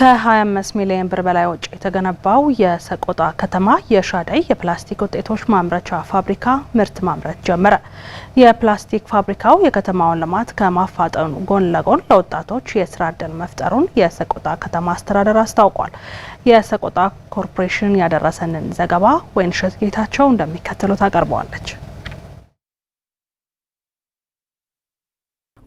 ከ25 ሚሊዮን ብር በላይ ወጪ የተገነባው የሰቆጣ ከተማ የሻደይ የፕላስቲክ ውጤቶች ማምረቻ ፋብሪካ ምርት ማምረት ጀመረ። የፕላስቲክ ፋብሪካው የከተማውን ልማት ከማፋጠኑ ጎን ለጎን ለወጣቶች የስራ እድል መፍጠሩን የሰቆጣ ከተማ አስተዳደር አስታውቋል። የሰቆጣ ኮርፖሬሽን ያደረሰንን ዘገባ ወይንሸት ጌታቸው እንደሚከተሉት አቀርበዋለች።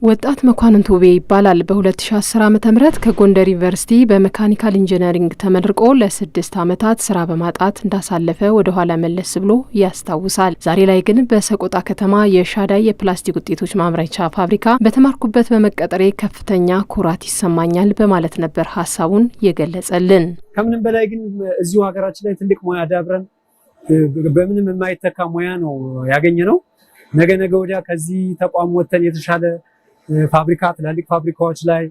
ወጣት መኳንንት ውቤ ይባላል። በ2010 ዓ ም ከጎንደር ዩኒቨርሲቲ በመካኒካል ኢንጂነሪንግ ተመርቆ ለስድስት ዓመታት ስራ በማጣት እንዳሳለፈ ወደ ኋላ መለስ ብሎ ያስታውሳል። ዛሬ ላይ ግን በሰቆጣ ከተማ የሻዳይ የፕላስቲክ ውጤቶች ማምረቻ ፋብሪካ በተማርኩበት በመቀጠሬ ከፍተኛ ኩራት ይሰማኛል በማለት ነበር ሀሳቡን የገለጸልን። ከምንም በላይ ግን እዚሁ ሀገራችን ላይ ትልቅ ሙያ ዳብረን በምንም የማይተካ ሙያ ነው ያገኘ ነው። ነገ ነገ ወዲያ ከዚህ ተቋም ወጥተን የተሻለ ፋብሪካ ትላልቅ ፋብሪካዎች ላይ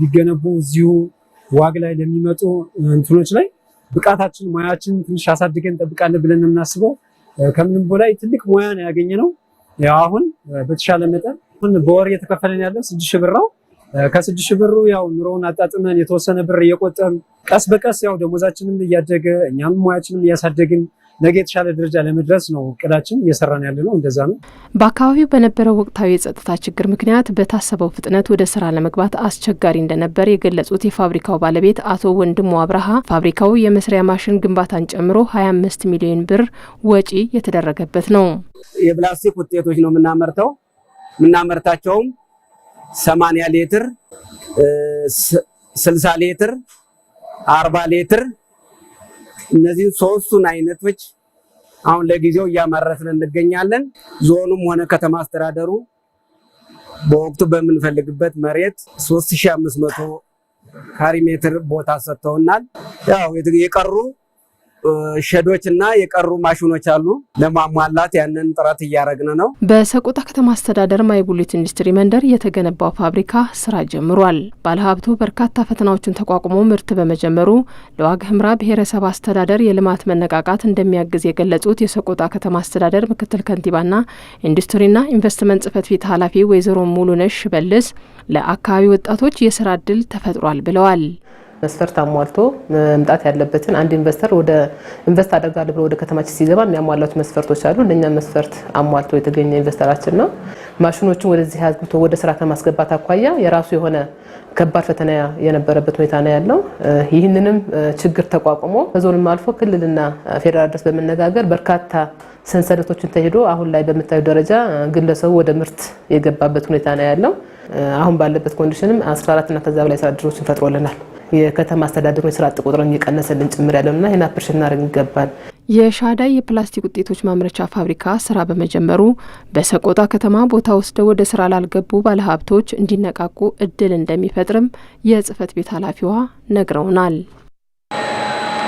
ቢገነቡ እዚሁ ዋግ ላይ ለሚመጡ እንትኖች ላይ ብቃታችን ሙያችን ትንሽ አሳድገን እንጠብቃለን ብለን የምናስበው ከምንም በላይ ትልቅ ሙያ ነው ያገኘ ነው። አሁን በተሻለ መጠን በወር እየተከፈለን ያለው ስድስት ሺህ ብር ነው። ከስድስት ብሩ ያው ኑሮውን አጣጥመን የተወሰነ ብር እየቆጠም ቀስ በቀስ ያው ደሞዛችንም እያደገ እኛም ሙያችንም እያሳደግን ነገ የተሻለ ደረጃ ለመድረስ ነው እቅዳችን፣ እየሰራን ያለ ነው። እንደዛ ነው። በአካባቢው በነበረው ወቅታዊ የጸጥታ ችግር ምክንያት በታሰበው ፍጥነት ወደ ስራ ለመግባት አስቸጋሪ እንደነበር የገለጹት የፋብሪካው ባለቤት አቶ ወንድሙ አብርሃ ፋብሪካው የመስሪያ ማሽን ግንባታን ጨምሮ 25 ሚሊዮን ብር ወጪ የተደረገበት ነው። የፕላስቲክ ውጤቶች ነው የምናመርተው። የምናመርታቸውም 80 ሌትር፣ 60 ሌትር፣ 40 ሌትር እነዚህን ሶስቱን አይነቶች አሁን ለጊዜው እያመረትን እንገኛለን። ዞኑም ሆነ ከተማ አስተዳደሩ በወቅቱ በምንፈልግበት መሬት 3500 ካሪ ሜትር ቦታ ሰጥተውናል። ያው የቀሩ ሸዶችና የቀሩ ማሽኖች አሉ ለማሟላት ያንን ጥረት እያደረግን ነው። በሰቆጣ ከተማ አስተዳደር ማይቡሊት ኢንዱስትሪ መንደር የተገነባው ፋብሪካ ስራ ጀምሯል። ባለሀብቱ በርካታ ፈተናዎችን ተቋቁሞ ምርት በመጀመሩ ለዋግ ህምራ ብሔረሰብ አስተዳደር የልማት መነቃቃት እንደሚያግዝ የገለጹት የሰቆጣ ከተማ አስተዳደር ምክትል ከንቲባና ኢንዱስትሪና ኢንቨስትመንት ጽህፈት ቤት ኃላፊ ወይዘሮ ሙሉነሽ ሽበልስ ለአካባቢ ወጣቶች የስራ እድል ተፈጥሯል ብለዋል። መስፈርት አሟልቶ መምጣት ያለበትን አንድ ኢንቨስተር ወደ ኢንቨስት አደርጋለሁ ብሎ ወደ ከተማችን ሲገባ የሚያሟላቱ መስፈርቶች አሉ። እነኛ መስፈርት አሟልቶ የተገኘ ኢንቨስተራችን ነው። ማሽኖችን ወደዚህ አግብቶ ወደ ስራ ከማስገባት አኳያ የራሱ የሆነ ከባድ ፈተና የነበረበት ሁኔታ ነው ያለው። ይህንንም ችግር ተቋቁሞ ከዞንም አልፎ ክልልና ፌዴራል ድረስ በመነጋገር በርካታ ሰንሰለቶችን ተሄዶ አሁን ላይ በምታዩ ደረጃ ግለሰቡ ወደ ምርት የገባበት ሁኔታ ነው ያለው። አሁን ባለበት ኮንዲሽንም 14 እና ከዛ በላይ ስራ እድሎችን ፈጥሮልናል። የከተማ አስተዳደሩ የስራ አጥ ቁጥርን እየቀነሰልን ጭምር ያለው ይህን አፕሬሽን እናደርግ ይገባል። የሻዳይ የፕላስቲክ ውጤቶች ማምረቻ ፋብሪካ ስራ በመጀመሩ በሰቆጣ ከተማ ቦታ ወስደው ወደ ስራ ላልገቡ ባለሀብቶች እንዲነቃቁ እድል እንደሚፈጥርም የጽህፈት ቤት ኃላፊዋ ነግረውናል።